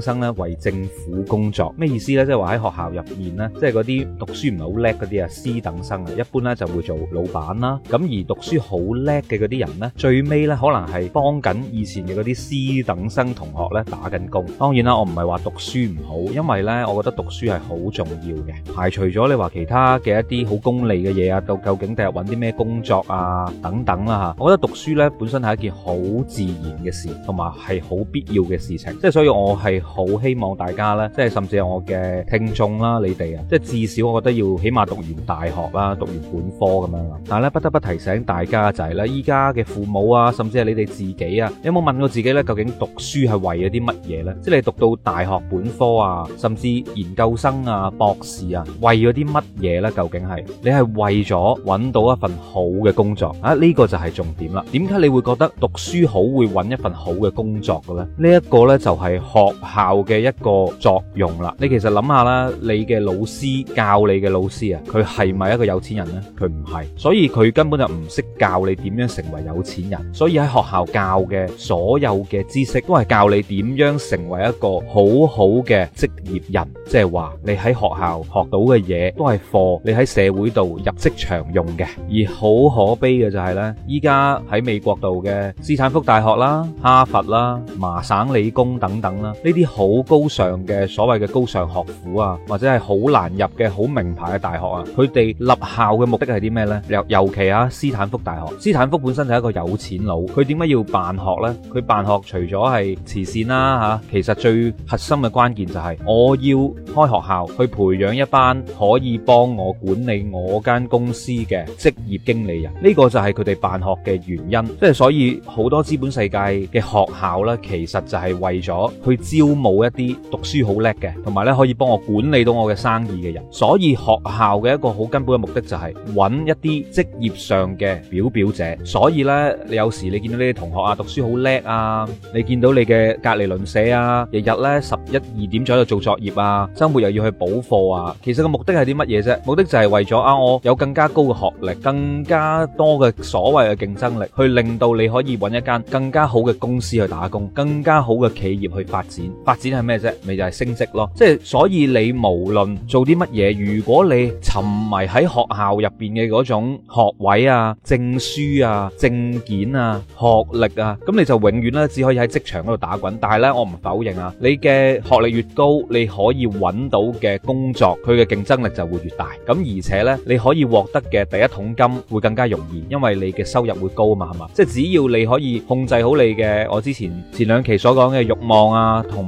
生咧為政府工作咩意思咧？即係話喺學校入面咧，即係嗰啲讀書唔係好叻嗰啲啊，C 等生啊，一般咧就會做老闆啦。咁而讀書好叻嘅嗰啲人咧，最尾咧可能係幫緊以前嘅嗰啲 C 等生同學咧打緊工。當然啦，我唔係話讀書唔好，因為咧，我覺得讀書係好重要嘅。排除咗你話其他嘅一啲好功利嘅嘢啊，到究竟第日搵啲咩工作啊等等啦、啊、吓，我覺得讀書咧本身係一件好自然嘅事，同埋係好必要嘅事情。即係所以我係。好希望大家呢即係甚至係我嘅聽眾啦，你哋啊，即係至少我覺得要起碼讀完大學啦，讀完本科咁樣。但係咧，不得不提醒大家就係咧，依家嘅父母啊，甚至係你哋自己啊，你有冇問過自己呢，究竟讀書係為咗啲乜嘢呢？即係你讀到大學本科啊，甚至研究生啊、博士啊，為咗啲乜嘢呢？究竟係你係為咗揾到一份好嘅工作啊？呢個就係重點啦。點解你會覺得讀書好會揾一份好嘅工作嘅咧？呢一個呢，就係學校嘅一個作用啦，你其實諗下啦，你嘅老師教你嘅老師啊，佢係咪一個有錢人咧？佢唔係，所以佢根本就唔識教你點樣成為有錢人。所以喺學校教嘅所有嘅知識，都係教你點樣成為一個好好嘅職業人。即係話，你喺學校學到嘅嘢，都係課你喺社會度入職場用嘅。而好可悲嘅就係咧，依家喺美國度嘅斯坦福大學啦、哈佛啦、麻省理工等等啦，呢。啲好高尚嘅所謂嘅高尚學府啊，或者係好難入嘅好名牌嘅大學啊，佢哋立校嘅目的係啲咩咧？尤尤其啊，斯坦福大學，斯坦福本身就係一個有錢佬，佢點解要辦學咧？佢辦學除咗係慈善啦、啊、吓，其實最核心嘅關鍵就係我要開學校去培養一班可以幫我管理我間公司嘅職業經理人，呢個就係佢哋辦學嘅原因。即係所以好多資本世界嘅學校咧，其實就係為咗去招。都冇一啲讀書好叻嘅，同埋咧可以幫我管理到我嘅生意嘅人。所以學校嘅一個好根本嘅目的就係揾一啲職業上嘅表表者。所以呢，你有時你見到啲同學啊讀書好叻啊，你見到你嘅隔離鄰舍啊，日日呢十一二點左右做作業啊，周末又要去補課啊，其實個目的係啲乜嘢啫？目的就係為咗啊，我有更加高嘅學歷，更加多嘅所謂嘅競爭力，去令到你可以揾一間更加好嘅公司去打工，更加好嘅企業去發展。發展係咩啫？咪就係升職咯，即係所以你無論做啲乜嘢，如果你沉迷喺學校入邊嘅嗰種學位啊、證書啊、證件啊、學歷啊，咁你就永遠咧只可以喺職場嗰度打滾。但係咧，我唔否認啊，你嘅學歷越高，你可以揾到嘅工作佢嘅競爭力就會越大。咁而且呢，你可以獲得嘅第一桶金會更加容易，因為你嘅收入會高啊嘛，係嘛？即係只要你可以控制好你嘅，我之前前兩期所講嘅慾望啊同，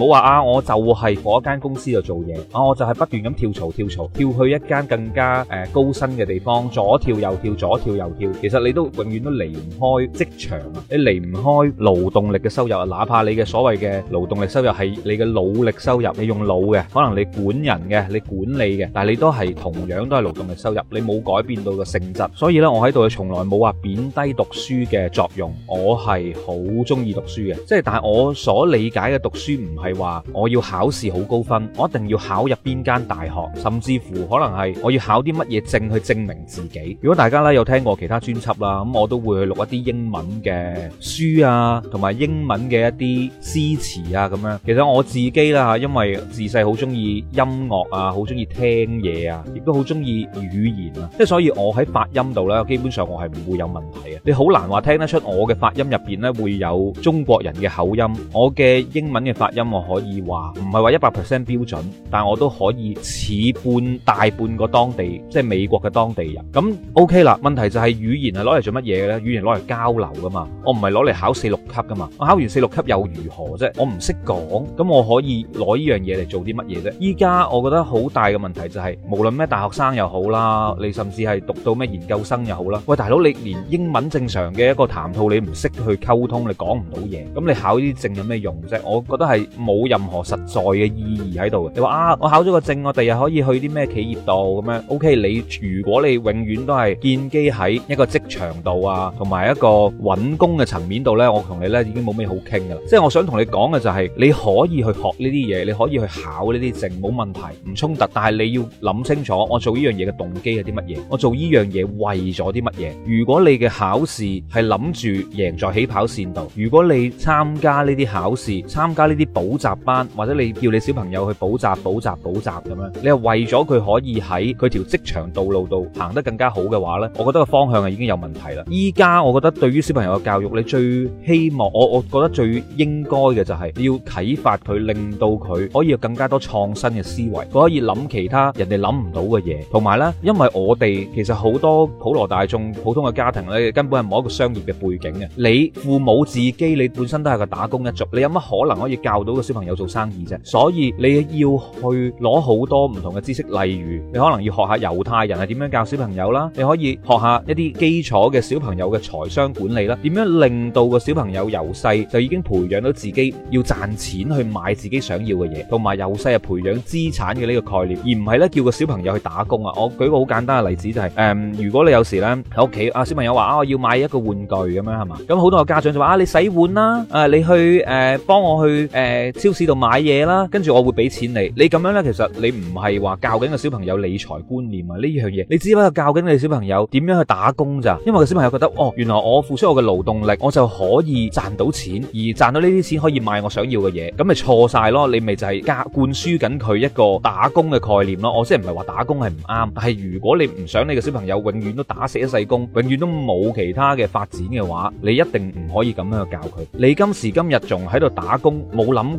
冇話啊！我就係嗰間公司度做嘢啊！我就係不斷咁跳槽、跳槽、跳去一間更加誒高薪嘅地方，左跳右跳，左跳右跳。其實你都永遠都離唔開職場啊！你離唔開勞動力嘅收入啊！哪怕你嘅所謂嘅勞動力收入係你嘅腦力收入，你用腦嘅，可能你管人嘅，你管理嘅，但係你都係同樣都係勞動力收入，你冇改變到個性質。所以咧，我喺度從來冇話貶低讀書嘅作用，我係好中意讀書嘅。即係，但係我所理解嘅讀書唔係話我要考試好高分，我一定要考入邊間大學，甚至乎可能係我要考啲乜嘢證去證明自己。如果大家咧有聽過其他專輯啦，咁我都會去錄一啲英文嘅書啊，同埋英文嘅一啲詩詞啊咁樣。其實我自己啦，因為自細好中意音樂啊，好中意聽嘢啊，亦都好中意語言啊，即係所以我喺發音度咧，基本上我係唔會有問題嘅。你好難話聽得出我嘅發音入邊咧會有中國人嘅口音，我嘅英文嘅發音我可以話唔係話一百 percent 標準，但我都可以似半大半個當地，即係美國嘅當地人。咁 OK 啦，問題就係語言係攞嚟做乜嘢嘅呢？語言攞嚟交流㗎嘛，我唔係攞嚟考四六級㗎嘛。我考完四六級又如何啫？我唔識講，咁我可以攞呢樣嘢嚟做啲乜嘢啫？依家我覺得好大嘅問題就係，無論咩大學生又好啦，你甚至係讀到咩研究生又好啦，喂，大佬你連英文正常嘅一個談吐你唔識去溝通，你講唔到嘢，咁你考呢啲證有咩用啫？我覺得係。冇任何實在嘅意義喺度嘅，你話啊，我考咗個證，我第日可以去啲咩企業度咁樣？OK，你如果你永遠都係建基喺一個職場度啊，同埋一個揾工嘅層面度呢，我同你呢已經冇咩好傾噶啦。即係我想同你講嘅就係，你可以去學呢啲嘢，你可以去考呢啲證，冇問題，唔衝突。但係你要諗清楚，我做呢樣嘢嘅動機係啲乜嘢？我做呢樣嘢為咗啲乜嘢？如果你嘅考試係諗住贏在起跑線度，如果你參加呢啲考試，參加呢啲補補習班或者你叫你小朋友去補習補習補習咁樣，你係為咗佢可以喺佢條職場道路度行得更加好嘅話咧，我覺得個方向係已經有問題啦。依家我覺得對於小朋友嘅教育，你最希望我我覺得最應該嘅就係你要啟發佢，令到佢可以有更加多創新嘅思維，佢可以諗其他人哋諗唔到嘅嘢。同埋咧，因為我哋其實好多普羅大眾普通嘅家庭咧，根本係冇一個商業嘅背景嘅，你父母自己你本身都係個打工一族，你有乜可能可以教到？小朋友做生意啫，所以你要去攞好多唔同嘅知識，例如你可能要學下猶太人係點樣教小朋友啦，你可以學下一啲基礎嘅小朋友嘅財商管理啦，點樣令到個小朋友由細就已經培養到自己要賺錢去買自己想要嘅嘢，同埋由細係培養資產嘅呢個概念，而唔係咧叫個小朋友去打工啊。我舉個好簡單嘅例子就係、是，誒、呃，如果你有時咧喺屋企啊，小朋友話啊，我要買一個玩具咁樣係嘛，咁好多家長就話啊，你洗碗啦，誒，你去誒幫、呃、我去誒。呃超市度買嘢啦，跟住我會俾錢你。你咁樣呢，其實你唔係話教緊個小朋友理財觀念啊呢樣嘢，你只不過教緊你小朋友點樣去打工咋。因為個小朋友覺得哦，原來我付出我嘅勞動力，我就可以賺到錢，而賺到呢啲錢可以買我想要嘅嘢，咁咪錯晒咯。你咪就係加灌輸緊佢一個打工嘅概念咯。我即係唔係話打工係唔啱，但係如果你唔想你嘅小朋友永遠都打死一世工，永遠都冇其他嘅發展嘅話，你一定唔可以咁樣去教佢。你今時今日仲喺度打工，冇諗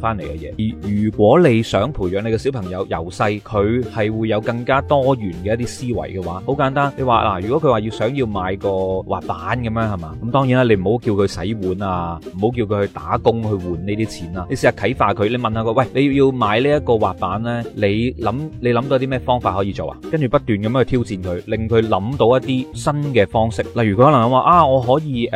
翻嚟嘅嘢，而如果你想培養你嘅小朋友由細佢係會有更加多元嘅一啲思維嘅話，好簡單。你話嗱，啊，如果佢話要想要買個滑板咁樣係嘛，咁當然啦，你唔好叫佢洗碗啊，唔好叫佢去打工去換呢啲錢啦，啊。你試下啟發佢，你問下佢，喂，你要買呢一個滑板呢，你諗你諗到啲咩方法可以做啊？跟住不斷咁樣去挑戰佢，令佢諗到一啲新嘅方式。例如佢可能話啊，我可以誒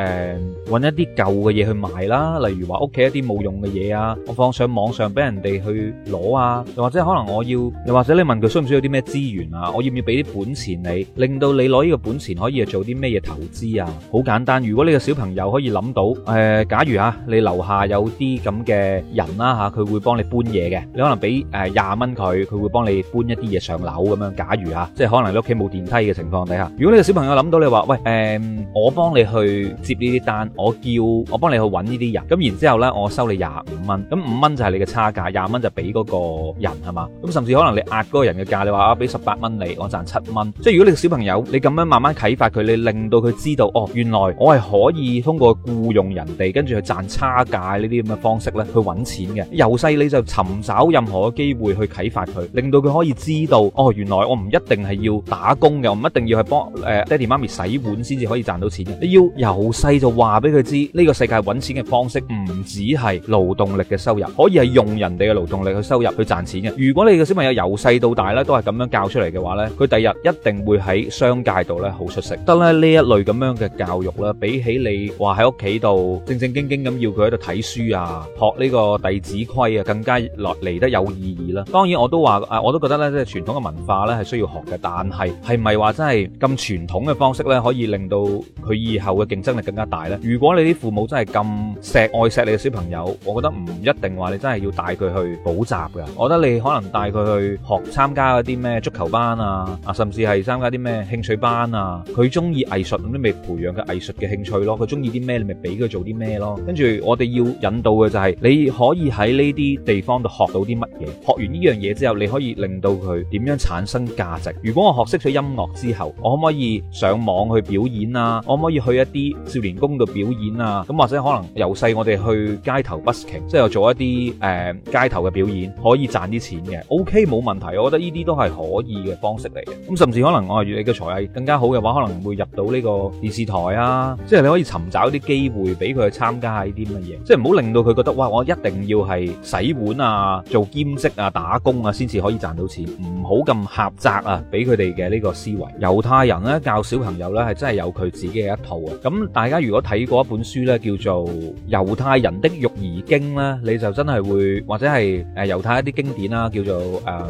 搵，呃、一啲舊嘅嘢去賣啦，例如話屋企一啲冇用嘅嘢啊，放上網上俾人哋去攞啊，又或者可能我要，又或者你問佢需唔需要啲咩資源啊？我要唔要俾啲本錢你，令到你攞呢個本錢可以做啲咩嘢投資啊？好簡單，如果你個小朋友可以諗到，誒、呃，假如啊，你樓下有啲咁嘅人啦、啊、吓，佢會幫你搬嘢嘅，你可能俾誒廿蚊佢，佢會幫你搬一啲嘢上樓咁樣。假如啊，即係可能你屋企冇電梯嘅情況底下，如果你個小朋友諗到你話，喂，誒、呃，我幫你去接呢啲單，我叫我幫你去揾呢啲人，咁然之後呢，我收你廿五蚊，咁五蚊就係你嘅差價，廿蚊就俾嗰個人係嘛，咁甚至可能你壓嗰個人嘅價，你話啊俾十八蚊你，我賺七蚊。即係如果你個小朋友，你咁樣慢慢啟發佢，你令到佢知道哦，原來我係可以通過雇傭人哋，跟住去賺差價呢啲咁嘅方式咧，去揾錢嘅。由細你就尋找任何嘅機會去啟發佢，令到佢可以知道哦，原來我唔一定係要打工嘅，我唔一定要係幫、呃、爹哋媽咪洗碗先至可以賺到錢。你要由細就話俾佢知，呢個世界揾錢嘅方式唔只係勞動力嘅收。可以係用人哋嘅勞動力去收入去賺錢嘅。如果你嘅小朋友由細到大咧都係咁樣教出嚟嘅話呢，佢第日一定會喺商界度呢，好出色。得咧呢一類咁樣嘅教育咧，比起你話喺屋企度正正經經咁要佢喺度睇書啊、學呢個弟子規啊，更加落嚟得有意義啦。當然我都話啊，我都覺得呢，即係傳統嘅文化呢係需要學嘅，但係係咪話真係咁傳統嘅方式呢，可以令到佢以後嘅競爭力更加大呢？如果你啲父母真係咁錫愛錫你嘅小朋友，我覺得唔一定話你真係要帶佢去補習㗎？我覺得你可能帶佢去學參加嗰啲咩足球班啊，啊，甚至係參加啲咩興趣班啊。佢中意藝術咁，你咪培養佢藝術嘅興趣咯。佢中意啲咩，你咪俾佢做啲咩咯。跟住我哋要引導嘅就係，你可以喺呢啲地方度學到啲乜嘢。學完呢樣嘢之後，你可以令到佢點樣產生價值。如果我學識咗音樂之後，我可唔可以上網去表演啊？我可唔可以去一啲少年宮度表演啊？咁或者可能由細我哋去街頭 busking，即係做啲誒街頭嘅表演可以賺啲錢嘅，OK 冇問題。我覺得呢啲都係可以嘅方式嚟嘅。咁甚至可能我話、啊、你嘅才藝更加好嘅話，可能會入到呢個電視台啊。即係你可以尋找啲機會俾佢去參加下啲乜嘢。即係唔好令到佢覺得哇，我一定要係洗碗啊、做兼職啊、打工啊先至可以賺到錢。唔好咁狹窄啊，俾佢哋嘅呢個思維。猶太人呢教小朋友呢係真係有佢自己嘅一套啊。咁大家如果睇過一本書呢，叫做《猶太人的育兒經》呢。你。就真係會或者係誒猶太一啲經典啦、啊，叫做誒、呃、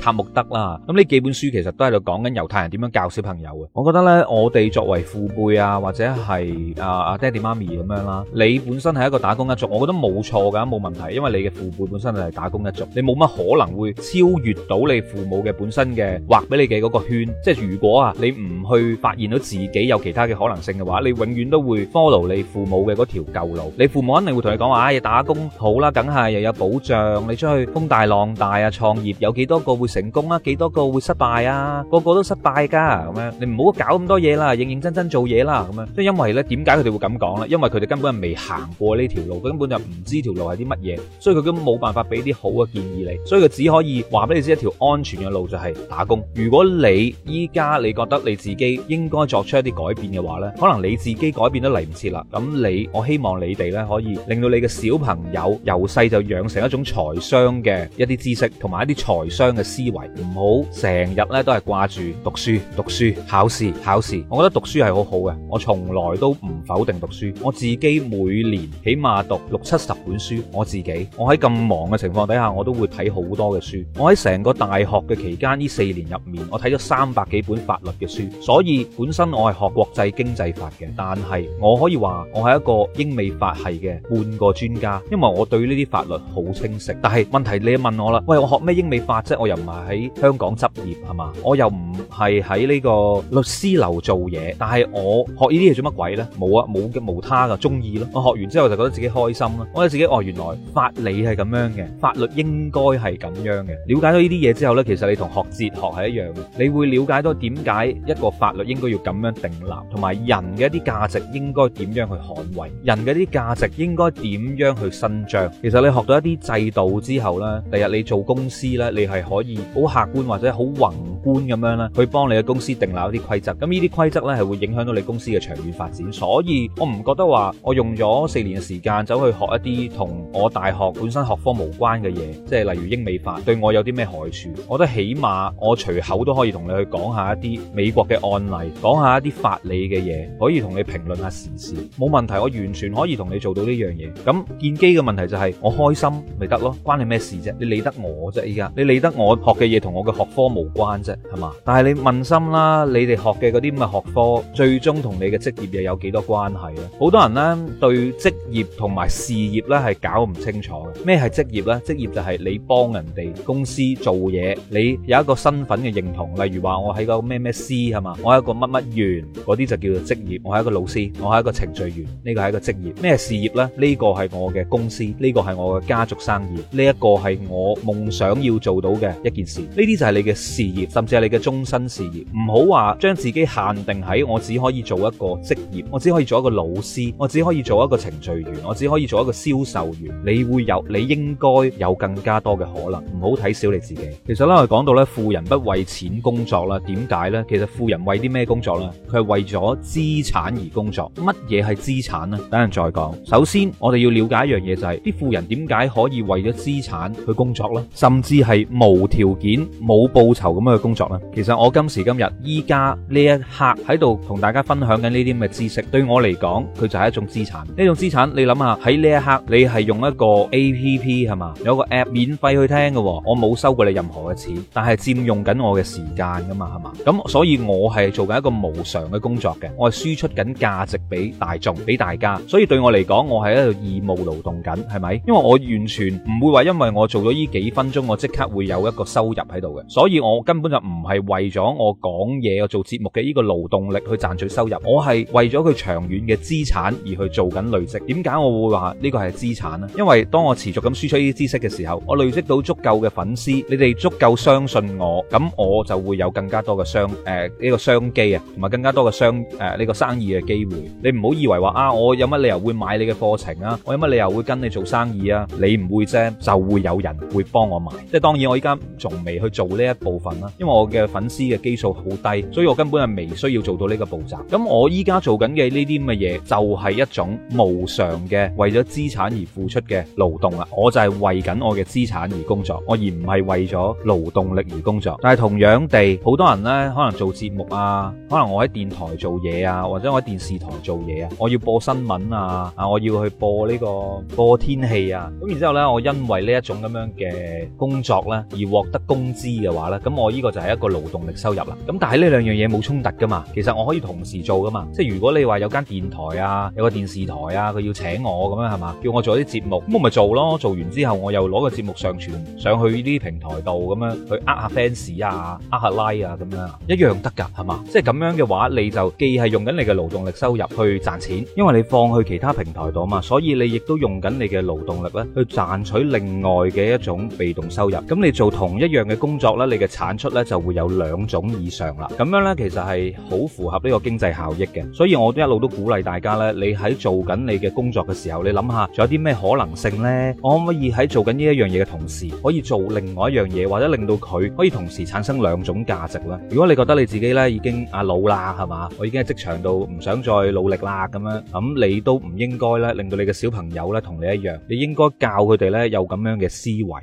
塔木德啦。咁呢幾本書其實都喺度講緊猶太人點樣教小朋友啊，我覺得咧，我哋作為父輩啊，或者係啊啊爹哋媽咪咁樣啦，你本身係一個打工一族，我覺得冇錯嘅，冇問題，因為你嘅父輩本身就係打工一族，你冇乜可能會超越到你父母嘅本身嘅畫俾你嘅嗰個圈。即係如果啊，你唔去發現到自己有其他嘅可能性嘅話，你永遠都會 follow 你父母嘅嗰條舊路。你父母肯定會同你講話，誒、哎，打工好啦。梗係又有保障，你出去風大浪大啊！創業有幾多個會成功啊？幾多個會失敗啊？個個都失敗噶咁樣，你唔好搞咁多嘢啦，認認真真做嘢啦咁樣。即係因為咧，點解佢哋會咁講咧？因為佢哋根本係未行過呢條路，根本就唔知條路係啲乜嘢，所以佢根本冇辦法俾啲好嘅建議你。所以佢只可以話俾你知一條安全嘅路就係打工。如果你依家你覺得你自己應該作出一啲改變嘅話咧，可能你自己改變都嚟唔切啦。咁你我希望你哋咧可以令到你嘅小朋友有細就養成一種財商嘅一啲知識，同埋一啲財商嘅思維，唔好成日咧都係掛住讀書、讀書、考試、考試。我覺得讀書係好好嘅，我從來都唔否定讀書。我自己每年起碼讀六七十本書，我自己我喺咁忙嘅情況底下，我都會睇好多嘅書。我喺成個大學嘅期間呢四年入面，我睇咗三百幾本法律嘅書，所以本身我係學國際經濟法嘅，但係我可以話我係一個英美法系嘅半個專家，因為我對呢。啲法律好清晰，但係問題你問我啦，喂，我學咩英美法啫？我又唔係喺香港執業係嘛？我又唔係喺呢個律師樓做嘢，但係我學呢啲嘢做乜鬼咧？冇啊，冇嘅冇他噶，中意咯。我學完之後就覺得自己開心啦。我覺得自己哦，原來法理係咁樣嘅，法律應該係咁樣嘅。了解到呢啲嘢之後咧，其實你同學哲學係一樣嘅，你會了解到點解一個法律應該要咁樣定立，同埋人嘅一啲價值應該點樣去捍衛，人嘅一啲價值應該點樣去伸張。其實你學到一啲制度之後呢，第日你做公司呢，你係可以好客觀或者好宏觀咁樣呢，去幫你嘅公司定立一啲規則。咁呢啲規則呢，係會影響到你公司嘅長遠發展。所以我唔覺得話我用咗四年嘅時間走去學一啲同我大學本身學科無關嘅嘢，即係例如英美法，對我有啲咩害處？我覺得起碼我隨口都可以同你去講下一啲美國嘅案例，講下一啲法理嘅嘢，可以同你評論下時事，冇問題。我完全可以同你做到呢樣嘢。咁建基嘅問題就係、是。我開心咪得咯，關你咩事啫？你理得我啫？依家，你理得我學嘅嘢同我嘅學科無關啫，係嘛？但係你問心啦，你哋學嘅嗰啲咁嘅學科，最終同你嘅職業又有幾多關係咧？好多人呢，對職業同埋事業呢係搞唔清楚。咩係職業呢？職業就係你幫人哋公司做嘢，你有一個身份嘅認同。例如話我喺個咩咩師，係嘛，我一個乜乜員，嗰啲就叫做職業。我係一個老師，我係一個程序員，呢個係一個職業。咩事業呢？呢個係我嘅公司呢，個係我嘅家族生意，呢一個係我夢想要做到嘅一件事，呢啲就係你嘅事業，甚至係你嘅終身事業。唔好話將自己限定喺我只可以做一個職業，我只可以做一個老師，我只可以做一個程序員，我只可以做一個銷售員。你會有，你應該有更加多嘅可能。唔好睇小你自己。其實啦，我哋講到咧，富人不為錢工作啦，點解呢？其實富人為啲咩工作咧？佢係為咗資產而工作。乜嘢係資產呢？等陣再講。首先，我哋要了解一樣嘢就係啲富人點解可以為咗資產去工作咧？甚至係無條件，冇報酬咁樣去工作咧？其實我今時今日依家呢一刻喺度同大家分享緊呢啲咁嘅知識，對我嚟講，佢就係一種資產。呢種資產，你諗下喺呢一刻，你係用一個 A P P 係嘛，有個 App 免費去聽嘅，我冇收過你任何嘅錢，但係佔用緊我嘅時間噶嘛，係嘛？咁所以我係做緊一個無償嘅工作嘅，我係輸出緊價值俾大眾、俾大家，所以對我嚟講，我係喺度義務勞動緊，係咪？因為我完全唔會話，因為我做咗呢幾分鐘，我即刻會有一個收入喺度嘅，所以我根本就唔係為咗我講嘢、我做節目嘅呢個勞動力去賺取收入，我係為咗佢長遠嘅資產而去做緊累積。點解我會話呢個係資產咧？因為當我持續咁輸出呢啲知識嘅時候，我累積到足夠嘅粉絲，你哋足夠相信我，咁我就會有更加多嘅商誒呢、呃呢個商機啊，同埋更加多嘅商誒呢、呃呢個生意嘅機會。你唔好以為話啊，我有乜理由會買你嘅課程啊？我有乜理由會跟你做生意？意啊！你唔會啫，就會有人會幫我買。即係當然，我依家仲未去做呢一部分啦，因為我嘅粉絲嘅基數好低，所以我根本係未需要做到呢個步驟。咁我依家做緊嘅呢啲咁嘅嘢，就係、是、一種無償嘅為咗資產而付出嘅勞動啦。我就係為緊我嘅資產而工作，我而唔係為咗勞動力而工作。但係同樣地，好多人呢，可能做節目啊，可能我喺電台做嘢啊，或者我喺電視台做嘢啊，我要播新聞啊，啊，我要去播呢、這個播天氣。啊，咁然之後呢，我因為呢一種咁樣嘅工作呢，而獲得工資嘅話呢，咁我呢個就係一個勞動力收入啦。咁但係呢兩樣嘢冇衝突噶嘛，其實我可以同時做噶嘛。即係如果你話有間電台啊，有個電視台啊，佢要請我咁樣係嘛，叫我做啲節目，咁我咪做咯。做完之後，我又攞個節目上傳上去呢啲平台度，咁樣去呃下 fans 啊，呃下 like 啊，咁樣一樣得㗎，係嘛？即係咁樣嘅話，你就既係用緊你嘅勞動力收入去賺錢，因為你放去其他平台度啊嘛，所以你亦都用緊你嘅勞動力咧去賺取另外嘅一種被動收入，咁你做同一樣嘅工作咧，你嘅產出咧就會有兩種以上啦。咁樣咧其實係好符合呢個經濟效益嘅，所以我都一路都鼓勵大家咧，你喺做緊你嘅工作嘅時候，你諗下仲有啲咩可能性呢？我可唔可以喺做緊呢一樣嘢嘅同時，可以做另外一樣嘢，或者令到佢可以同時產生兩種價值咧？如果你覺得你自己咧已經啊老啦，係嘛？我已經喺職場度唔想再努力啦咁樣，咁你都唔應該咧令到你嘅小朋友咧同你一樣。應該教佢哋咧有咁樣嘅思維。